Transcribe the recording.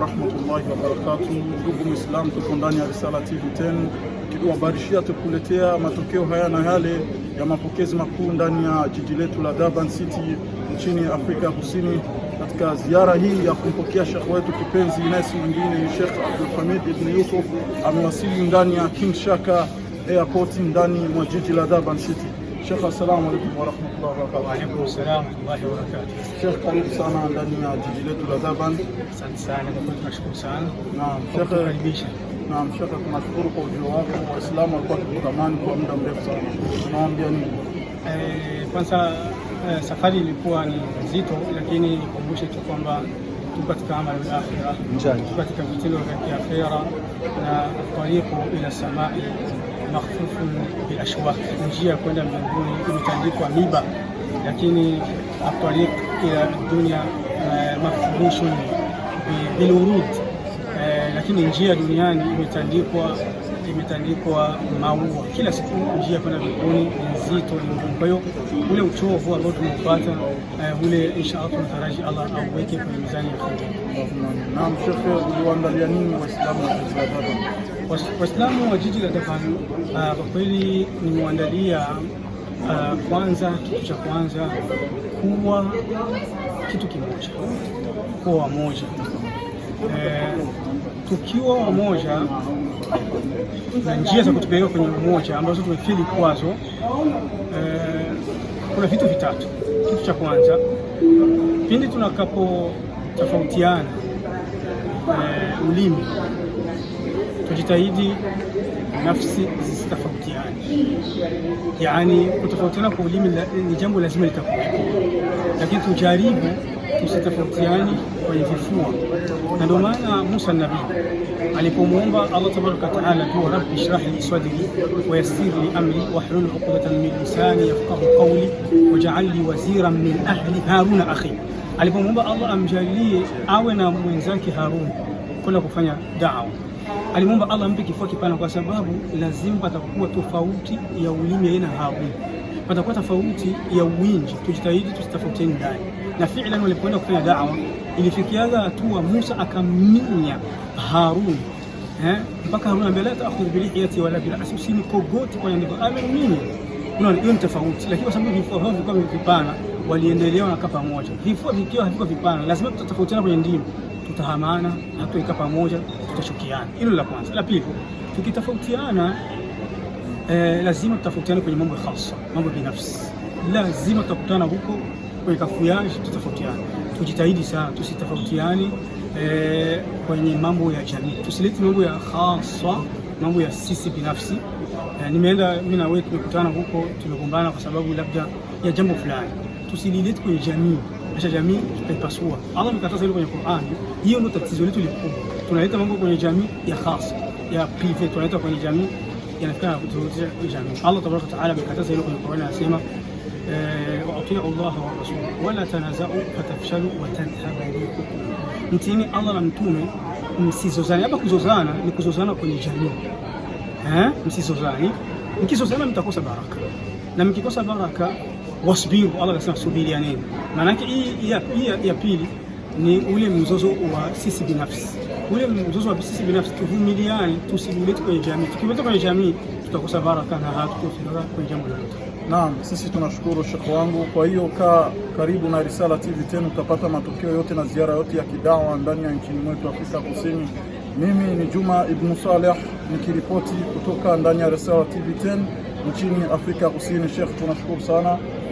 wa rahmatullahi wabarakatuh. Ndugu Muislamu, tuko ndani ya Risala TV tena tukiwabarishia tukuletea matokeo haya na yale ya mapokezi makuu ndani ya jiji letu la Durban City nchini Afrika ya Kusini, katika ziara hii ya kumpokea shekhe wetu kipenzi nasi mwingine ni Shekh Abdulhamid ibn Yusuf amewasili ndani ya King Shaka Airport ndani mwa jiji la Durban City. شيخ السلام عليكم ورحمة الله وبركاته. وعليكم السلام ورحمة الله وبركاته. شيخ قريب سانا عندنا جديدة لذابا. سنة سانا كنت مشكور سانا. نعم شيخ البيشة. نعم شيخ نشكرك وجوابك وإسلام القلب كمان kwa muda mrefu سانا. Tunaambia nini? Kwanza safari ilikuwa ni nzito, lakini nikumbushe tu kwamba tuko katika amali ya akhira, tuko katika vitendo vya kiakhira na tariqu ila samai mafufu bil ashwaq, njia ya kwenda mbinguni imetandikwa miba, lakini atariq ila dunia eh, mafrushun bilurud, eh, lakini njia duniani imetandikwa imetandikwa maua. Kila siku njia ya kwenda mbinguni ni nzito, ni ngumu. Kwa hiyo ule uchovu ambao tumeupata eh, ule, insha Allah tunataraji Allah auweke kwenye mizani ya kheri. Naam, shehe, uliwaandalia nini Waislamu? Waislamu wa jiji la Durban uh, kwa kweli nimwandalia uh, kwanza, kitu cha kwanza kuwa kitu kimoja, kuwa wamoja eh, tukiwa wamoja na njia za kutupeleka kwenye umoja ambazo tumefili kwazo eh, kuna vitu vitatu. Kitu cha kwanza, pindi tunakapotofautiana eh, ulimi tujitahidi nafsi zisitofautiane, yaani kutofautiana kwa ulimi ni jambo lazima litakuwepo, lakini tujaribu tusitofautiane kwenye vifua. Na ndio maana Musa nabii alipomwomba Allah tabaraka wataala, dua rabbi shrah li sadri wayassir li amri wahlul uqdatan min lisani yafqahu qawli waj'al li waziran min ahli haruna akhi, alipomwomba Allah amjalie awe na mwenzake Harun kwenda kufanya dawa alimwomba Allah ampe kifua kipana, kwa sababu lazima patakuwa tofauti ya ulimi aina hawi, patakuwa tofauti ya uwinji. Tujitahidi tusitofautiane ndani na fi'lan. Walipoenda kufanya da'wa, ilifikiaga hatua Musa akamminya Harun eh? mpaka Harun ambaye la taakhudh bilihiyati wala birasi, usinikogoti kwa ndevu amemminya. Unaona, hiyo ni tofauti, lakini kwa sababu vifua hivyo vilikuwa vipana, waliendelea wanakaa pamoja. Vifua vikiwa haviko vipana, lazima tutatofautiana kwenye ndimu, tutahamana, hatuikaa pamoja tutachukiana. Hilo la kwanza. La pili, tukitofautiana eh, lazima tutafautiana kwenye mambo ya khasa, mambo binafsi, lazima tutakutana huko kwenye kafuyaji, tutafautiana. Tujitahidi sana tusitofautiane eh, kwenye mambo ya jamii, tusilete mambo ya khasa, mambo ya sisi binafsi. Eh, nimeenda mimi na wewe tumekutana huko, tumegombana kwa sababu labda ya jambo fulani, tusililete kwenye jamii. kuelimisha jamii, tutaipasua. Allah amekataza hilo kwenye Qur'an. Hiyo ndio tatizo letu likubwa. Tunaleta mambo kwenye jamii ya khas ya prive, tunaleta kwenye jamii yanafikana kutuzuia jamii. Allah tabaraka taala amekataza hilo kwenye Qur'an, anasema waatiu Allah wa rasulahu wala tanazau fatafshalu watadhhaba rihukum, mtiini Allah na mtume msizozani. Hapa kuzozana ni kuzozana kwenye jamii eh, msizozani. Mkizozana mtakosa baraka, na mkikosa baraka wasbiru, Allah akasema subiri ya nini? Maanake hii ya, ya pili ni ule mzozo wa sisi binafsi, ule mzozo wa sisi binafsi. Tuvumiliani, tusigulete kwenye jamii. Tukiweta kwenye jamii, tutakosa baraka na hatutofika kwenye jambo lolote. Naam, sisi tunashukuru shekhe wangu. Kwa hiyo kaa karibu na Risala TV tena, utapata matokeo yote na ziara yote ya kidawa ndani ya nchini mwetu Afrika Kusini. Mimi ni Juma Ibnu Saleh nikiripoti kutoka ndani ya Risala TV 10 nchini Afrika Kusini. Sheikh, tunashukuru sana.